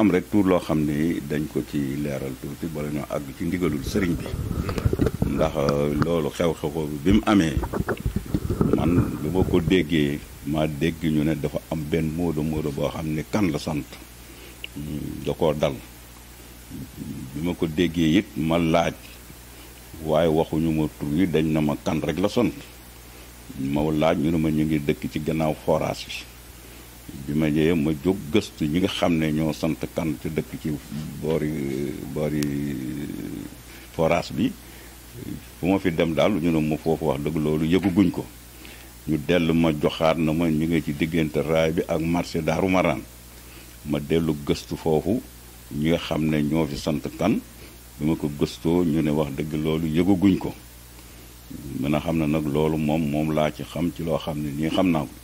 am rek tuur loo xam ni dañ ko ci leeral tuuti bala ñoo àgg ci ndigalul sëriñ bi ndax euh, loolu xew-xew bi mu amee man lu ma ko déggee ma dégg ñu ne dafa am benn moodo moodo boo xam ne kan la sant hmm, da koo dal bi ma ko déggee it ma laaj waaye waxuñu ma tur yi dañ na ma kan rek la sant ma laaj ñu ne ma ñu ngi dëkk ci gannaaw forage bi bi ma ñëwee ma jóg gëstu ñi nga xam ne ñoo sant kan te dëkk ci boori boori forage bi fu ma fi dem daal ñu ne ma foofu wax dëgg loolu yëguguñ ko ñu dellu ma joxaat na ma ñu ngi ci diggante raay bi ak marché daaru maraan ma dellu gëstu foofu ñi nga xam ne ñoo fi sant kan bi ma ko gëstoo ñu ne wax dëgg loolu yëguguñ ko mën a xam na nag loolu moom moom laa ci xam ci loo xam ne nii xam naa ko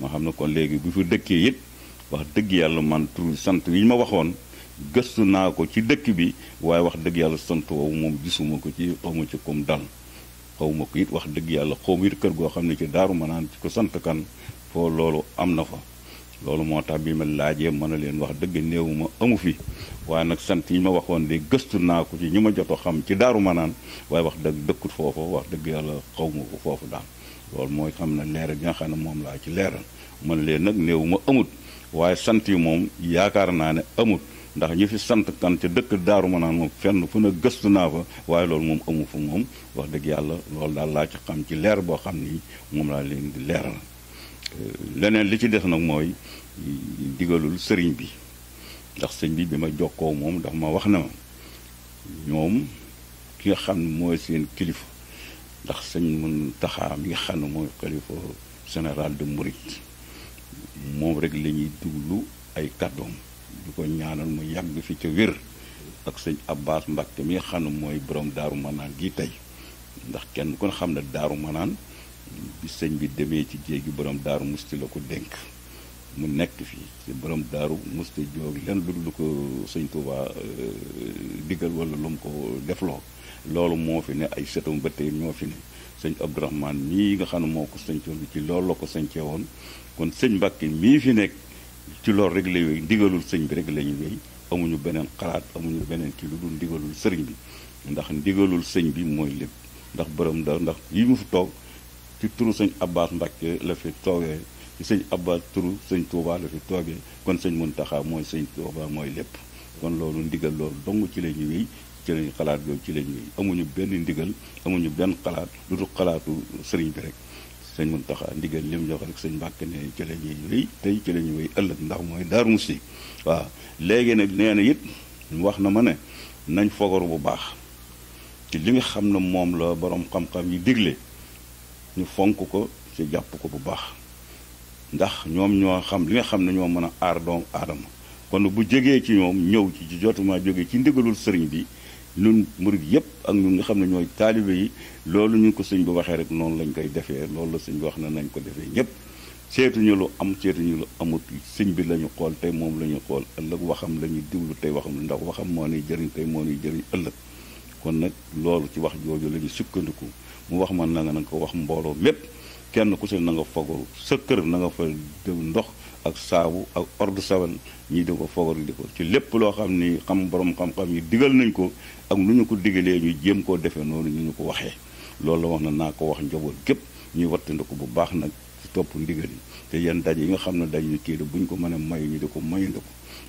ma xam na kon léegi bu fi dëkkee it wax dëgg yàlla man tur sant yi ma waxoon gëstu naa ko ci dëkk bi waaye wax dëgg yàlla sant woowu gisuma ko ci xawma ci comme dal xawma ko it wax dëgg yàlla xawma it kër goo xam ne ci daaru manaan ci ko sant kan foo loolu am na fa loolu moo tax bii ma laajee mën a leen wax dëgg néew ma amu fi waaye nag sant yi ma waxoon de gëstu naa ko ci ñu ma joto xam ci daaru manaan waaye wax dëgg dëkkut foofu wax dëgg yàlla xawma ko foofu daal lool mooy xam na leeral bi nga xam ne moom laa ci leeral man leen nag néew ma amut waaye sant yi moom yaakaar naa ne amut ndax ñi fi sant kan ca dëkk daaru ma naan moom fenn fu ne gëstu naa fa waaye loolu moom amu fa moom wax dëgg yàlla lool daal laa ci xam ci leer boo xam ni moom laa leen di euh, leneen li ci des nag mooy digalul sëriñ bi ndax sëñ bi bi ma jokkoo moom ndax ma wax na ma ñoom ki nga xam mooy seen kilifa ndax sëñ Muntaxa mi nga xam ne mooy xalifa général de Mouride moom rek lañuy ñuy duglu ay kàddoom di ko ñaanal mu yàgg fi ca wér ak sëñ Abbas Mbàkke mi nga xam ne mooy borom daaru manaan gi tey ndax kenn ku ne xam ne daaru manaan bi sëñ bi demee ci jéegi borom daaru musti la ko dénk mu nekk fii ci borom daaru musti joog leen lu lu ko sëñ Tuubaa euh, digal walla lu mu ko defloo loolu moo fi ne ay sëtam ba tey ñoo fi ne sëñ Abdourahmane mii nga xam ne moo ko sëñcoon ci loolu la ko sëñcee woon kon sëñ Mbàkke mii fi nekk ci loolu rek lay wéy sëñ bi rek la amuñu beneen xalaat amuñu beneen ci lu dul ndigalul sëriñ bi ndax ndigalul sëñ bi mooy lépp ndax bërëm da ndax yi mu fi toog ci turu sëñ Abbas Mbàkke la fi toogee ci sëñ Abbas turu sëñ Tuubaa la fi toogee kon sëñ taxaa mooy sëñ Tuubaa mooy lépp kon loolu ndigal loolu dong ci la ñu ci lañ xalaat yooyu ci lañ ñuy amuñu benn ndigal amuñu benn xalaat lu dul xalaatu sëriñ bi rek sëñ Muntaxa ndigal li mu jox rek sëñ Mbàkke ne ci la ñuy wéy tey ci la ñuy wéy ëllëg ndax mooy Daaru Musti waa léegi nag nee na it wax na ma ne nañ fogoru bu baax ci li nga xam ne moom la boroom xam-xam yi digle ñu fonk ko ci jàpp ko bu baax ndax ñoom ñoo xam li nga xam ne ñoo mën a aar doomu aadama kon bu jegee ci ñoom ñëw ci ci jotuma jóge ci ndigalul sëriñ bi ñun murid yëpp ak ñun nga xam ne ñooy taalibe yi loolu ñu ko sëñ bi waxee rek noonu lañ koy defee loolu la sëñ bi wax na nañ ko defee ñëpp seetuñu lu am seetuñu lu amut sëñ bi la xool tey moom la ñu xool ëllëg waxam la ñuy diwlu tey wax waxam ndax waxam moo nuy jëriñ tey moo nuy jëriñ ëllëg kon nag loolu ci wax jooju la sukkandiku mu wax ma na nga na ko wax mbooloo mépp kenn ku si nanga nga fagaru sa kër nanga nga fa def ndox ak saabu ak eau de Javel ñi di ko fogar di ko ci lépp loo xam ni xam borom xam-xam yi digal nañ ko ak nu ñu ko digalee ñu jéem koo defee noonu ñu ñu ko waxee loolu la wax na naa ko wax njaboot gépp ñuy wattandiku bu baax nag ci topp ndigal yi te yenn daj yi nga xam ne dañuy kii buñ ko mën a mayu ñu di ko mayandi ko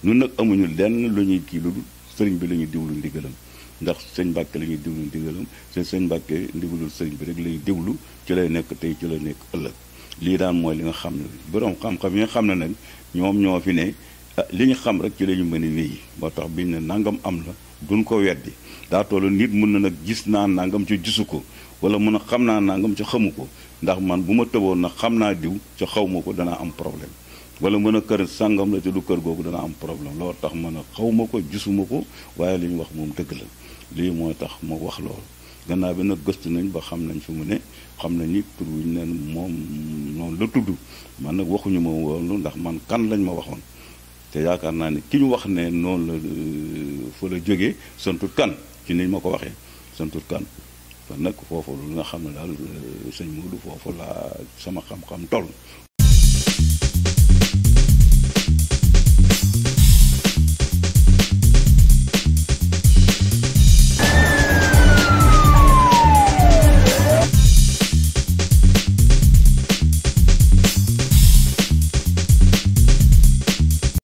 ñun nag amuñu lenn lu ñuy kii lu sëriñ bi la ñuy diwlu ndigalam ndax sëñ Mbàkke la ñuy diwlu ndigalam te sëñ Mbàkke ndigalul sëriñ bi rek la ñuy ci lay nekk tey ci lay nekk ëllëg lii daan mooy li nga xam ne boroom xam-xam yi nga xam ne nag ñoom ñoo fi ne ah, li ñu xam rek ci la ñu mën a wéy moo tax biñ ne nangam am na duñ ko weddi daa toll nit mun na nag gis naa nangam ci gisu ko wala mun a xam naa nangam ci xamu ko ndax man bu ma tëboon na xam naa diw ci xaw ko danaa am problème wala mën a kër sàngam la te du kër googu danaa am problème loolu tax mën a xaw ko gisu ko waaye li ñu wax moom dëgg la lii mooy tax moo wax loolu gannaaw bi nag gëstu nañ ba xam nañ fi mu ne xam nañ ni tur wuñ ne moom noonu la tudd man nag waxuñu ma woon ndax man kan lañ ma waxoon te yaakaar naa ne ki ñu wax ne noonu la euh, fa la jógee santul kan ci niñ ma ko waxee santul kan kon nag foofu lu nga xam ne daal euh, sëñ laa sama xam-xam toll